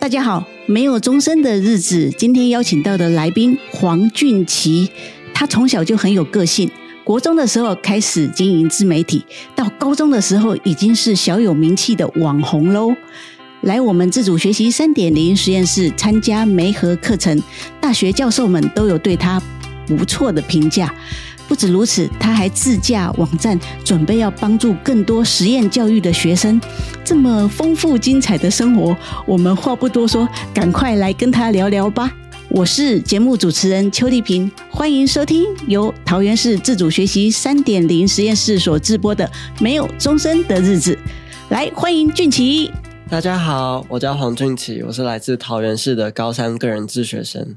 大家好，沒有鐘聲的日子。今天邀請到的來賓黃浚齊，他從小就很有個性。國中的時候開始經營自媒體，到高中的時候已經是小有名氣的網紅嘍。來我們自主學習三點零實驗室參加媒合課程，大學教授們都有對他不錯的評價。不止如此，他還自架網站，準備要幫助更多實驗教育的學生。這麼豐富精彩的生活，我們話不多說，趕快來跟他聊聊吧。我是節目主持人邱儷萍，歡迎收聽由桃園市自主學習三點零實驗室所製播的《沒有鐘聲的日子》。來，歡迎浚齊。大家好，我叫黃浚齊，我是來自桃園市的高三個人自學生。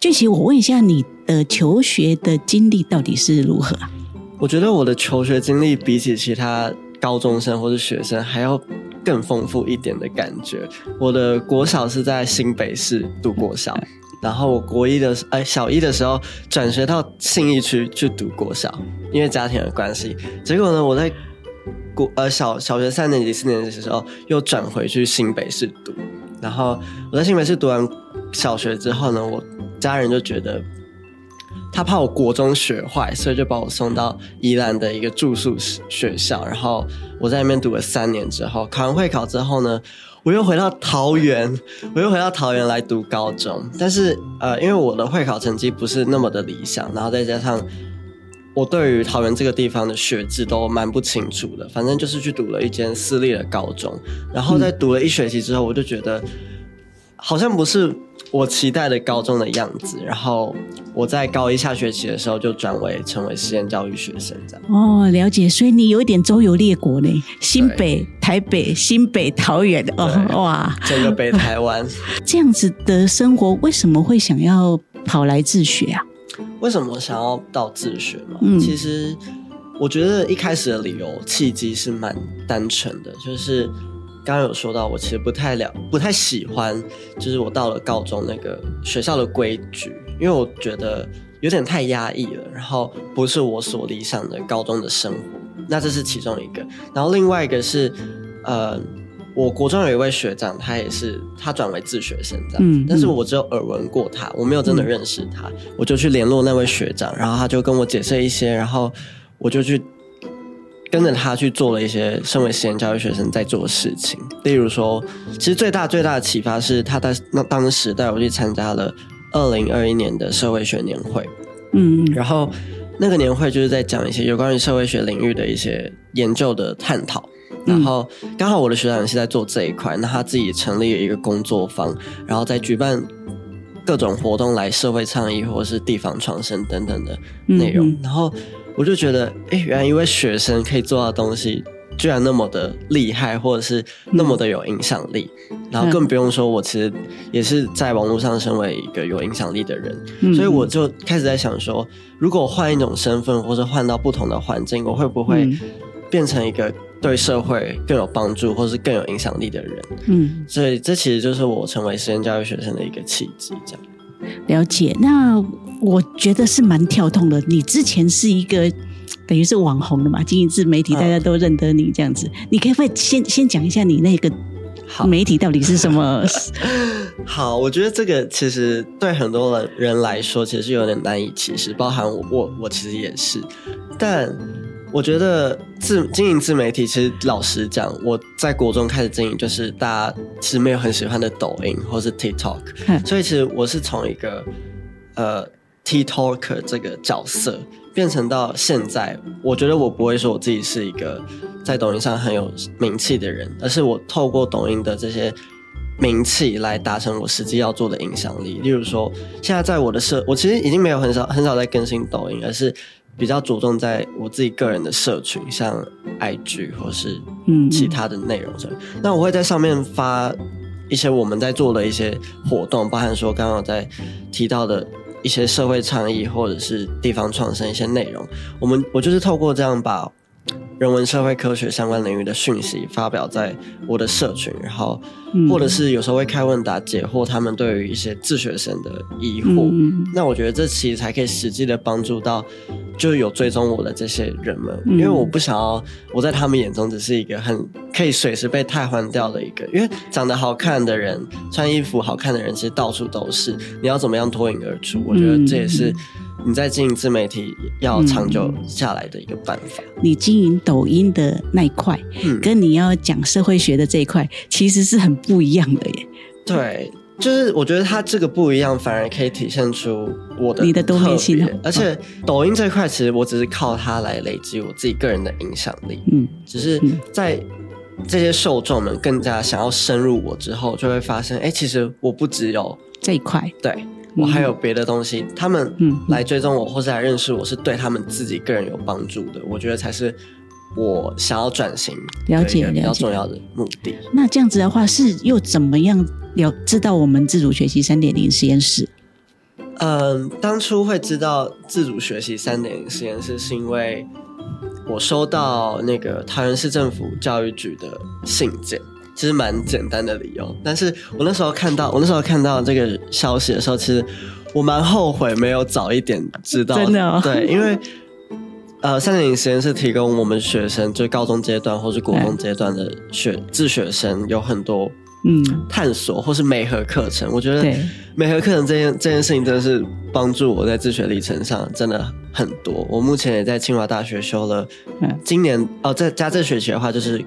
浚齊，我問一下你的求學的經歷到底是如何啊？我覺得我的求學經歷比起其他高中生或是學生還要更豐富一點的感覺。我的國小是在新北市讀國小，然後我國一的，呃，小一的時候轉學到信義區去讀國小，因為家庭的關係。結果呢，我在國呃小小學三年級、四年級的時候又轉回去新北市讀。然後我在新北市讀完小學之後呢，我。家人就覺得他怕我國中學壞，所以就把我送到宜蘭的一個住宿學校。然後我在那邊讀了三年之後，考完會考之後呢，我又回到桃園，我又回到桃園來讀高中。但是呃，因為我的會考成績不是那麼的理想，然後再加上我對於桃園這個地方的學制都蠻不清楚的，反正就是去讀了一間私立的高中。然後在讀了一學期之後，我就覺得，嗯，好像不是。我期待的高中的樣子，然後我在高一下學期的時候就轉為成為實驗教育學生這樣。哦，了解，所以你有一點周遊列國呢，對新北、台北、新北、桃園，哦，對哇，整個北台灣。這樣子的生活為什麼會想要跑來自學啊？為什麼想要到自學嘛？嗯，其實我覺得一開始的理由契機是蠻單純的，就是。剛剛有說到，我其實不太了，不太喜歡，就是我到了高中那個學校的規矩，因為我覺得有點太壓抑了，然後不是我所理想的高中的生活。那這是其中一個，然後另外一個是，呃，我國中有一位學長，他也是他轉為自學生這樣，嗯嗯、但是我只有耳聞過他，我沒有真的認識他，嗯、我就去聯絡那位學長，然後他就跟我解釋一些，然後我就去。跟着他去做了一些身為實驗教育學生在做的事情，例如說，其實最大最大的啟發是他在那當時帶我去參加了二零二一年的社會學年會，嗯，然後那個年會就是在講一些有關於社會學領域的一些研究的探討，然後、嗯、剛好我的學長是在做這一塊，那他自己成立了一個工作坊，然後在舉辦各種活動來社會倡議或是地方創生等等的內容，嗯嗯、然後。我就覺得，哎，原來一位學生可以做到的東西，居然那麼的厲害，或者是那麼的有影響力。嗯、然後更不用說，嗯、我其實也是在網絡上成為一個有影響力的人。嗯、所以我就開始在想說，如果換一種身份，或者換到不同的環境，我會不會變成一個對社會更有幫助，或者是更有影響力的人？嗯，所以這其實就是我成為實驗教育學生的一個契機，這樣。了解，那我覺得是蠻跳動的。你之前是一個等於是網紅的嘛，經營自媒體，大家都認得你這樣子。嗯、你可，不可以會先先講一下你那個媒體到底是什麼？好， 好，我覺得這個其實對很多人來說，其實是有點難以啟齒，包含我我，我其實也是，但。我覺得自經營自媒體，其實老實講，我在國中開始經營，就是大家其實沒有很喜歡的抖音或是 TikTok，嗯。所以其實我是從一個呃 TikToker 這個角色變成到現在。我覺得我不會說我自己是一個在抖音上很有名氣的人，而是我透過抖音的這些名氣來達成我實際要做的影響力。例如說，現在在我的社，我其實已經沒有很少很少在更新抖音，而是。比較着重在我自己個人的社群，像 IG 或是其他的內容上。嗯，那我會在上面發一些我們在做的一些活動，包含說剛剛我在提到的一些社會倡議或者是地方創生一些內容。我們我就是透過這樣把。人文社會科學相關領域的訊息發表在我的社群，然後、嗯、或者是有時候會開問答解惑他們對於一些自學生的疑惑。嗯、那我覺得這其實才可以實際的幫助到，就有追蹤我的這些人們，嗯、因為我不想要我在他們眼中只是一個很可以隨時被汰換掉的一個，因為長得好看的人、穿衣服好看的人其實到處都是，你要怎麼樣脫穎而出？我覺得這也是。嗯嗯你在經營自媒體要長久下來的一個辦法、嗯。你經營抖音的那一塊，嗯、跟你要講社會學的這一塊，其實是很不一樣的耶。對，就是我覺得它這個不一樣，反而可以體現出我的你的多面性。而且抖音這一塊，其實我只是靠它來累積我自己個人的影響力。嗯，只是在這些受眾們更加想要深入我之後，就會發現。哎，其實我不只有這一塊，對。我還有別的東西，嗯、他們來追蹤我，或是來認識我，是對他們自己個人有幫助的。嗯嗯、我覺得才是我想要轉型的一個比較、了解、了解重要的目的。那這樣子的話，是又怎麼樣了？知道我們自主學習三點零實驗室？嗯，當初會知道自主學習三點零實驗室，是因為我收到那個桃園市政府教育局的信件。其實蠻簡單的理由，但是我那時候看到我那時候看到這個消息的時候，其實我蠻後悔沒有早一點知道。 真的啊、哦。對，因為呃，3.0實驗室提供我們學生，就高中階段或是國中階段的學自、哎、學生，有很多嗯探索或是媒合課程。嗯、我覺得媒合課程這件對這件事情真的是幫助我在自學歷程上真的很多。我目前也在清華大學修了，嗯、今年哦、呃，在加這學期的話就是。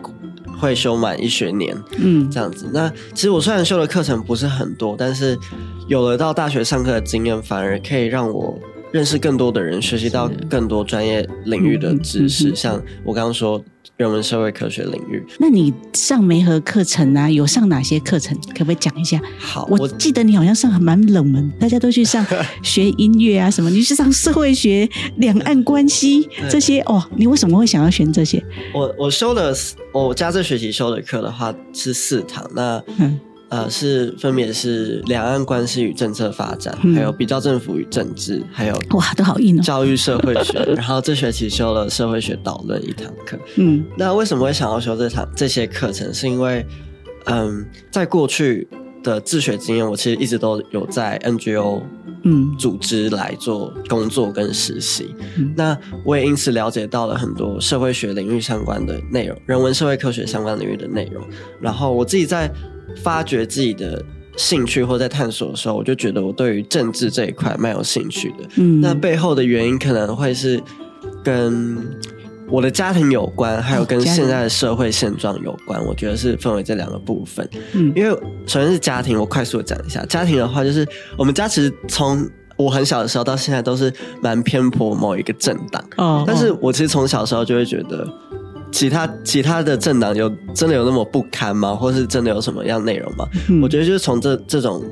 會修滿一學年，嗯，這樣子。那其實我雖然修的課程不是很多，但是有了到大學上課的經驗，反而可以讓我。認識更多的人，學習到更多專業領域的知識，嗯嗯嗯嗯、像我剛剛說人文社會科學領域。那你上媒合課程啊，有上哪些課程？可不可以講一下？好，我,我記得你好像上還蠻冷門，大家都去上學音樂啊什麼， 你去上社會學、兩岸關係 對這些哦。你為什麼會想要選這些？我我修了我加這學期修的課的話是四堂那。嗯呃，是分別是兩岸關係與政策發展，嗯、還有比較政府與政治，還有哇，都好硬哦，教育社會學。然後這學期修了社會學導論一堂課。嗯，那為什麼會想要修這堂這些課程？是因為嗯，在過去的自學經驗，我其實一直都有在 NGO 嗯組織來做工作跟實習。嗯、那我也因此了解到了很多社會學領域相關的內容，人文社會科學相關領域的內容。然後我自己在。發掘自己的興趣或在探索的時候，我就覺得我對於政治這一塊蠻有興趣的。嗯，那背後的原因可能會是跟我的家庭有關，還有跟現在的社會現狀有關。哎，我覺得是分為這兩個部分。嗯，因為首先是家庭，我快速講一下，家庭的話就是我們家其實從我很小的時候到現在都是蠻偏頗某一個政黨。哦，哦，但是我其實從小的時候就會覺得。其他其他的政黨有真的有那麼不堪嗎？或是真的有什麼樣內容嗎？嗯、我覺得就是從這這種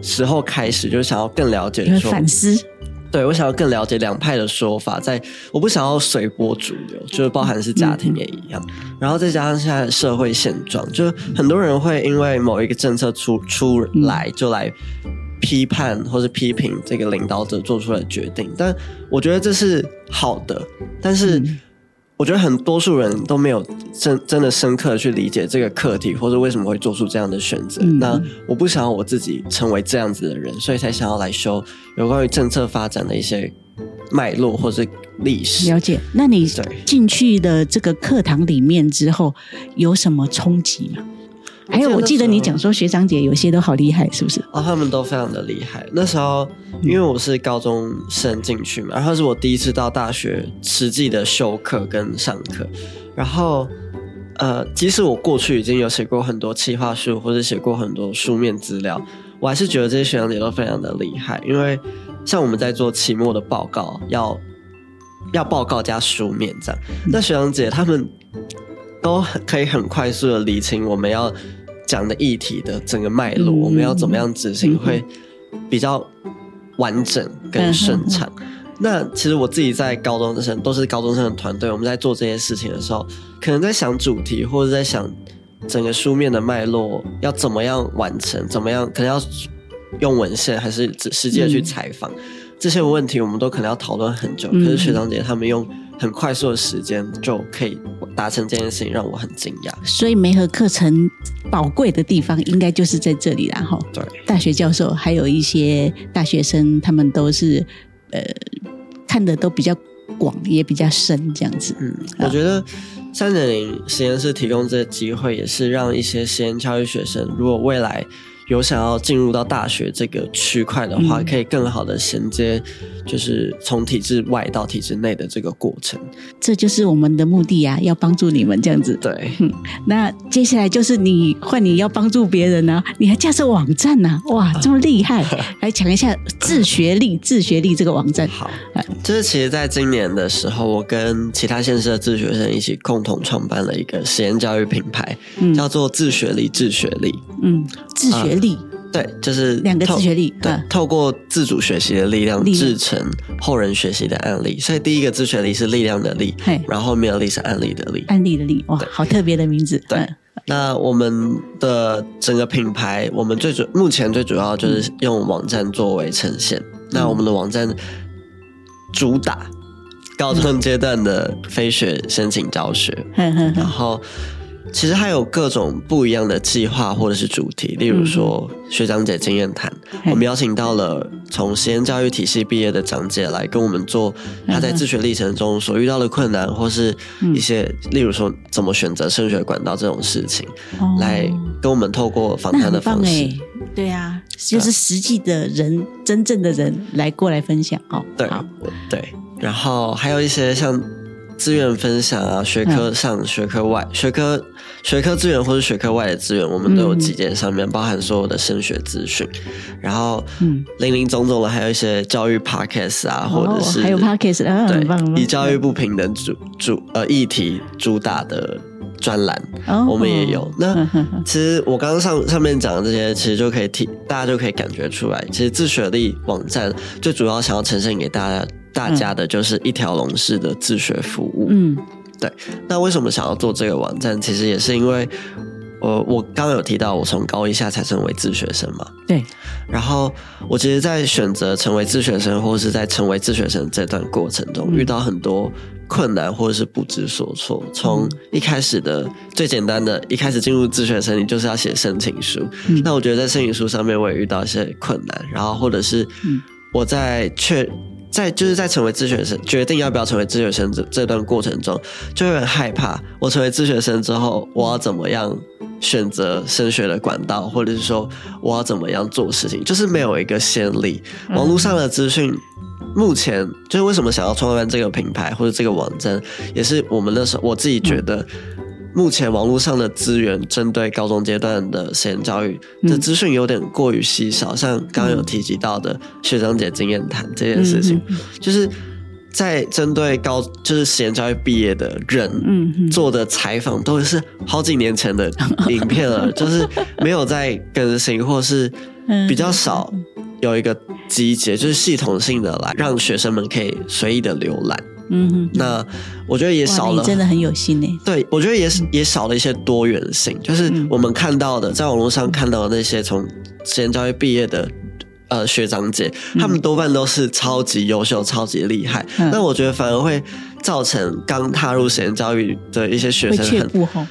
時候開始，就是想要更了解說，反思。對，我想要更了解兩派的說法在，在我不想要隨波逐流，就是包含是家庭也一樣，嗯、然後再加上現在社會現狀，就是很多人會因為某一個政策出出來就來批判或是批評這個領導者做出來的決定，但我覺得這是好的，但是。嗯我覺得很多數人都沒有真真的深刻的去理解這個課題，或者為什麼會做出這樣的選擇。嗯、那我不想要我自己成為這樣子的人，所以才想要來修有關於政策發展的一些脈絡或是歷史。了解，那你進去的這個課堂裡面之後有什麼衝擊嗎？還有、哎，我記得你講說學長姐有些都好厲害，是不是？哦，他們都非常的厲害。那時候因為我是高中生進去嘛，然後、嗯、是我第一次到大學實際的修課跟上課。然後呃，即使我過去已經有寫過很多企劃書或者寫過很多書面資料，我還是覺得這些學長姐都非常的厲害。因為像我們在做期末的報告，要要報告加書面這樣。那、嗯、學長姐他們。都可以很快速的理清我們要講的議題的整個脈絡，嗯、我們要怎麼樣執行、嗯、哼會比較完整跟順暢？嗯、哼那其實我自己在高中生，都是高中生的團隊，我們在做這些事情的時候，可能在想主題，或者在想整個書面的脈絡要怎麼樣完成，怎麼樣可能要用文獻，還是直接去採訪？嗯、這些問題我們都可能要討論很久。嗯、可是學長姐他們用。很快速的時間就可以達成這件事情，讓我很驚訝。所以媒合課程寶貴的地方，應該就是在這裡，然後對，大學教授還有一些大學生，他們都是呃看得都比較廣，也比較深，這樣子。嗯，好我覺得三點零實驗室提供這個機會，也是讓一些實驗教育學生，如果未來。有想要進入到大學這個區塊的話，嗯、可以更好的銜接，就是從體制外到體制內的這個過程，這就是我們的目的呀、啊，要幫助你們這樣子。嗯、對、嗯，那接下來就是你換你要幫助別人呢、啊，你還架設網站呢、啊，哇，這麼厲害，嗯、來講一下“自學力、嗯、自學力”這個網站。好，這、就是其實在今年的時候，我跟其他縣市的自學生一起共同創辦了一個實驗教育品牌，嗯、叫做自學力“自學力自學力”。嗯，自學。嗯力對，就是兩個自學力對，透過自主學習的力量，製成後人學習的案例。力所以第一個自學力是力量的力，嘿然後後面的力是案例的例，案例的例，哇，對好特別的名字。對，嗯、那我們的整個品牌，我們最主目前最主要就是用網站作為呈現。嗯、那我們的網站主打高中階段的非學申請教學，嘿嘿嘿然後。其實還有各種不一樣的計劃或者是主題，例如說學長姐經驗談，嗯、我們邀請到了從實驗教育體系畢業的長姐來跟我們做，他在自學歷程中所遇到的困難，嗯、或是一些例如說怎麼選擇升學管道這種事情，嗯、來跟我們透過訪談的方式，對啊，呃、就是實際的人，真正的人來過來分享哦，對好對，然後還有一些像。資源分享啊，學科上、學科外、嗯、學科學科資源或者學科外的資源，我們都有集結上面，嗯、包含所有的升學資訊，然後，嗯，林林總總的，還有一些教育 podcast 啊，嗯、或者是、哦、還有 podcast，、啊、對，嗯、以教育不平等主主呃議題主打的專欄，嗯、我們也有。那其實我剛剛上上面講的這些，其實就可以提大家就可以感覺出來，其實自學力網站最主要想要呈現給大家，大家的就是一條龍式的自學服務。嗯，對。那為什麼想要做這個網站？其實也是因為，我，我剛剛有提到，我從高一下才成為自學生嘛。對。然後，我其實在選擇成為自學生，或是在成為自學生這段過程中，遇到很多困難，或者是不知所措。從，嗯，一開始的最簡單的一開始進入自學生，你就是要寫申請書。嗯，那我覺得在申請書上面，我也遇到一些困難，然後或者是我在確。在就是在成為自學生，決定要不要成為自學生這這段過程中，就有點害怕。我成為自學生之後，我要怎麼樣選擇升學的管道，或者是說我要怎麼樣做事情，就是沒有一個先例。嗯、網絡上的資訊，目前就是為什麼想要創辦這個品牌或者這個網站，也是我們那時候我自己覺得。嗯目前網絡上的資源，針對高中階段的實驗教育的資訊有點過於稀少，嗯、像剛剛有提及到的學長姐經驗談這件事情，嗯、哼就是在針對高就是實驗教育畢業的人做的採訪，都是好幾年前的影片了，嗯、哼就是沒有再更新， 或是比較少有一個集結，就是系統性的來讓學生們可以隨意的瀏覽。嗯，那我覺得也少了，真的很有心呢。對，我覺得也是也少了一些多元性，就是我們看到的，在網絡上看到的那些從實驗教育畢業的，呃，學長姐，他們多半都是超級優秀、超級厲害。那我覺得反而會造成剛踏入實驗教育的一些學生很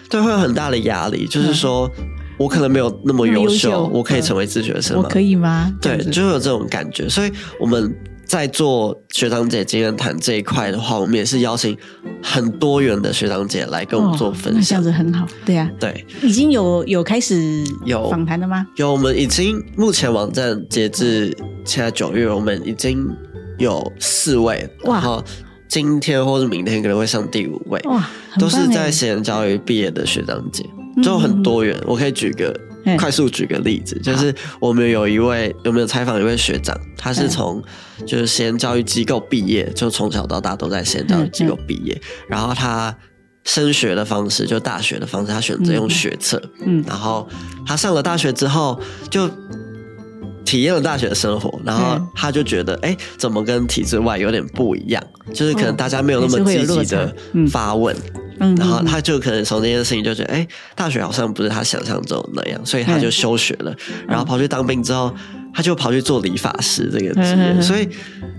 對，會有很大的壓力，就是說我可能沒有那麼優秀，我可以成為自學生，我可以嗎？對，就會有這種感覺，所以我們。在做學長姐經驗談這一塊的話，我們也是邀請很多元的學長姐來跟我們做分享，這樣子很好。對啊，對，已經有有開始有訪談了嗎？有，有我們已經目前網站截至現在九月，我們已經有四位，哇然後今天或者明天可能會上第五位，哇，都是在賢人教育畢業的學長姐，就很多元。嗯、我可以舉個。快速舉個例子，就是我們有一位、啊、有沒有採訪一位學長，他是從、欸，就是先教育機構畢業，就從小到大都在先教育機構畢業，嗯嗯、然後他升學的方式就大學的方式，他選擇用學測、嗯，嗯，然後他上了大學之後就體驗了大學的生活，然後他就覺得哎、嗯欸，怎麼跟體制外有點不一樣？就是可能大家沒有那麼積極的發問。哦嗯嗯嗯，然後他就可能從這件事情就覺得，哎、欸，大學好像不是他想象中那樣，所以他就休學了。嘿然後跑去當兵之後，嗯、他就跑去做理髮師這個職業。嘿嘿嘿，所以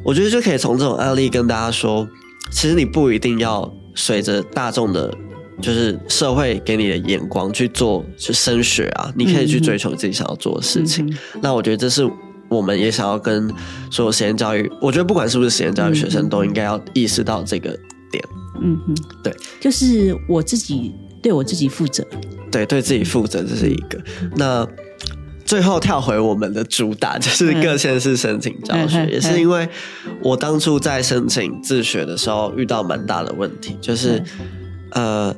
我覺得就可以從這種案例跟大家說，其實你不一定要隨着大眾的，就是社會給你的眼光去做去升學啊，你可以去追求自己想要做的事情。嗯嗯嗯，那我覺得這是我們也想要跟所有實驗教育，我覺得不管是不是實驗教育學生，都應該要意識到這個點。嗯哼，對，就是我自己對我自己負責，對，對自己負責，這是一個。那最後跳回我們的主打，就是各縣市申請教學，嘿嘿嘿也是因為我當初在申請自學的時候遇到蠻大的問題，就是嘿嘿呃，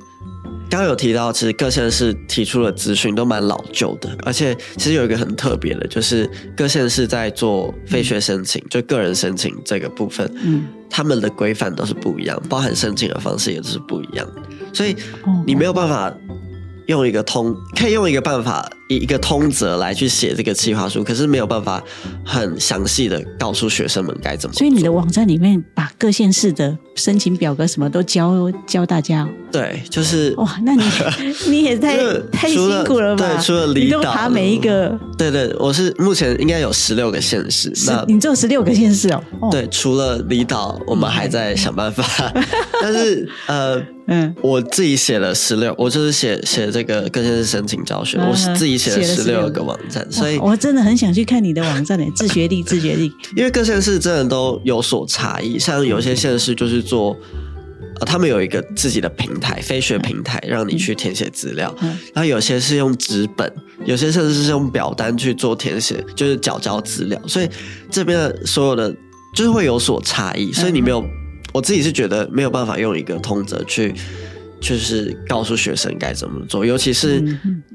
剛剛有提到，其實各縣市提出的資訊都蠻老舊的，而且其實有一個很特別的，就是各縣市在做非學申請，嗯、就個人申請這個部分，嗯。他們的規範都是不一樣，包含申請的方式也是不一樣，所以你沒有辦法用一個通，可以用一個辦法。以一個通則來去寫這個計劃書，可是沒有辦法很詳細的告訴學生們該怎麼。所以你的網站裡面把各縣市的申請表格什麼都教教大家。對，就是哇、嗯哦，那你你也太為太辛苦了吧？了對，除了你都爬每一個。對，對對，我是目前應該有十六個縣市。那你只有十六個縣市哦？哦對，除了離島，我們還在想辦法。 但是呃嗯，我自己寫了十六，我就是寫寫這個各縣市申請教學，嗯、哼我是自己。寫了十六個網站，所以我真的很想去看你的網站 自學力，自學力，因為各縣市真的都有所差異，像有些縣市就是做，嗯呃，他們有一個自己的平台，非學平台，讓你去填寫資料，然後，嗯嗯、有些是用紙本，有些甚至是用表單去做填寫，就是繳交資料，所以這邊的所有的就是會有所差異，所以你沒有，嗯、我自己是覺得沒有辦法用一個通則去。就是告訴學生該怎麼做，尤其是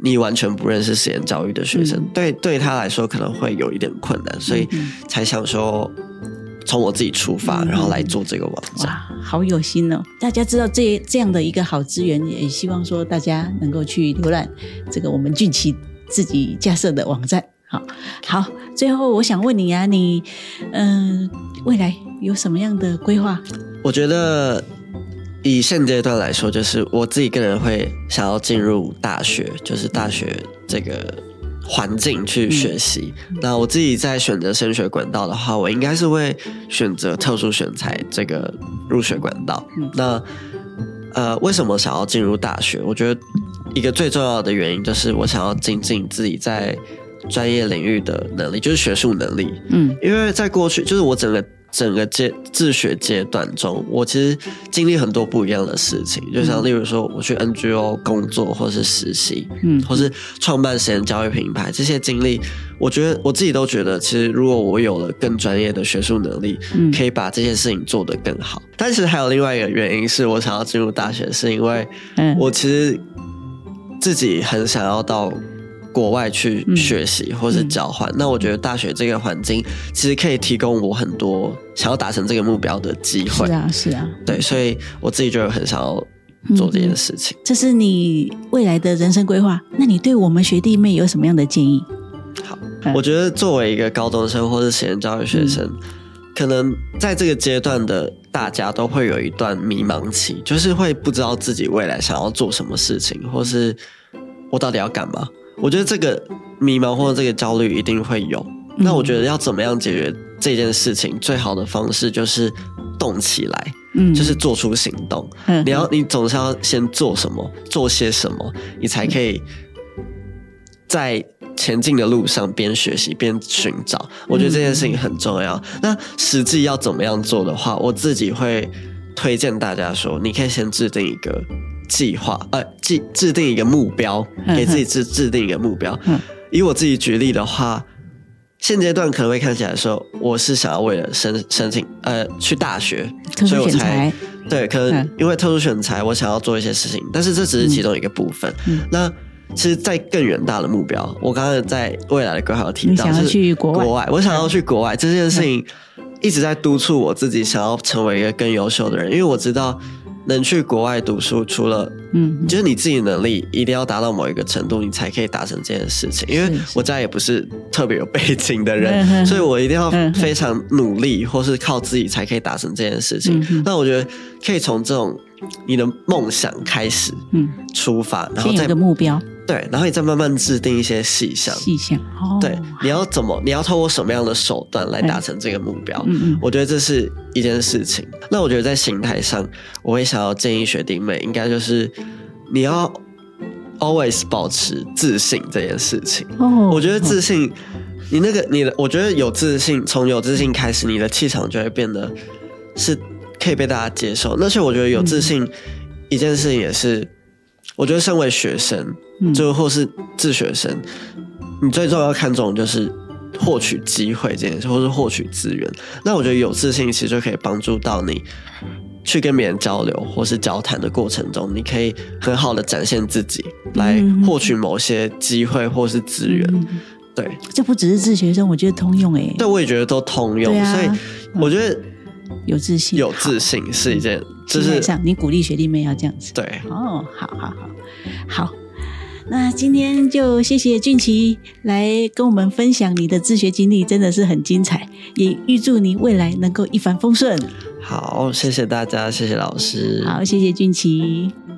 你完全不認識實驗教育的學生，嗯、哼對對他來說可能會有一點困難，所以才想說從我自己出發，嗯、哼然後來做這個網站。哇，好有心哦！大家知道這這樣的一個好資源，也希望說大家能夠去瀏覽這個我們浚齊自己架設的網站。好好，最後我想問你啊，你嗯、呃，未來有什麼樣的規劃？我覺得。以現階段來說，就是我自己個人會想要進入大學，就是大學這個環境去學習。嗯、那我自己在選擇升學管道的話，我應該是會選擇特殊選才這個入學管道。那呃，為什麼想要進入大學？我覺得一個最重要的原因就是我想要精進自己在專業領域的能力，就是學術能力。嗯，因為在過去，就是我整個。整個階自學階段中，我其實經歷很多不一樣的事情，就像例如說我去 NGO 工作，或是實習，嗯，或是創辦實驗教育品牌，這些經歷，我覺得我自己都覺得，其實如果我有了更專業的學術能力，嗯，可以把這些事情做得更好。但是還有另外一個原因，是我想要進入大學，是因為我其實自己很想要到。國外去學習或者交換，嗯嗯、那我覺得大學這個環境其實可以提供我很多想要達成這個目標的機會。是啊，是啊，對，所以我自己就很想要做這件事情。嗯、這是你未來的人生規劃。那你對我們學弟妹有什麼樣的建議？好，我覺得作為一個高中生或者實驗教育學生，嗯、可能在這個階段的大家都會有一段迷茫期，就是會不知道自己未來想要做什麼事情，嗯、或是我到底要幹嘛。我覺得這個迷茫或者這個焦慮一定會有。嗯、那我覺得要怎麼樣解決這件事情？最好的方式就是動起來，嗯，就是做出行動。嗯、你要你總是要先做什麼，做些什麼，你才可以在前進的路上邊學習邊尋找。我覺得這件事情很重要。嗯、那實際要怎麼樣做的話，我自己會推薦大家說，你可以先制定一個。計劃呃，制制定一個目標，嗯嗯、給自己制制定一個目標。嗯、以我自己舉例的話，現階段可能會看起來說，我是想要為了申申請呃去大學，特殊選才，才、嗯、對，可能因為特殊選才，我想要做一些事情。但是這只是其中一個部分。嗯嗯、那其實，在更遠大的目標，我剛剛在未來的規劃提到，是去國外。國外嗯、我想要去國外、嗯、這件事情，一直在督促我自己，想要成為一個更優秀的人，嗯嗯、因為我知道。能去國外讀書，除了嗯，就是你自己能力一定要達到某一個程度，你才可以達成這件事情。因為我家也不是特別有背景的人，所以我一定要非常努力，或是靠自己才可以達成這件事情。那我覺得可以從這種你的夢想開始，嗯，出發，然後再定一個目標。對，然後你再慢慢制定一些細項，細項哦。對，你要怎麼？你要透過什麼樣的手段來達成這個目標？哎、嗯我覺得這是一件事情。那我覺得在心態上，我會想要建議學弟妹，應該就是你要 always 保持自信這件事情。哦，我覺得自信，你那個你的，我覺得有自信，從有自信開始，你的氣場就會變得是可以被大家接受。而且我覺得有自信，嗯、一件事情也是，我覺得身為學生。就或是自學生，嗯、你最重要看重的就是獲取機會這件事，或是獲取資源。那我覺得有自信其實就可以幫助到你去跟別人交流，或是交談的過程中，你可以很好的展現自己，來獲取某些機會或是資源。嗯嗯嗯對，這不只是自學生，我覺得通用誒、欸。對，我也覺得都通用。啊、所以我覺得、嗯、有自信，有自信是一件，好就是你鼓勵學弟妹要這樣子。對，哦，好好好，好。那今天就謝謝浚齊來跟我們分享你的自學經歷，真的是很精彩。也預祝你未來能夠一帆風順。好，謝謝大家，謝謝老師。好，謝謝浚齊。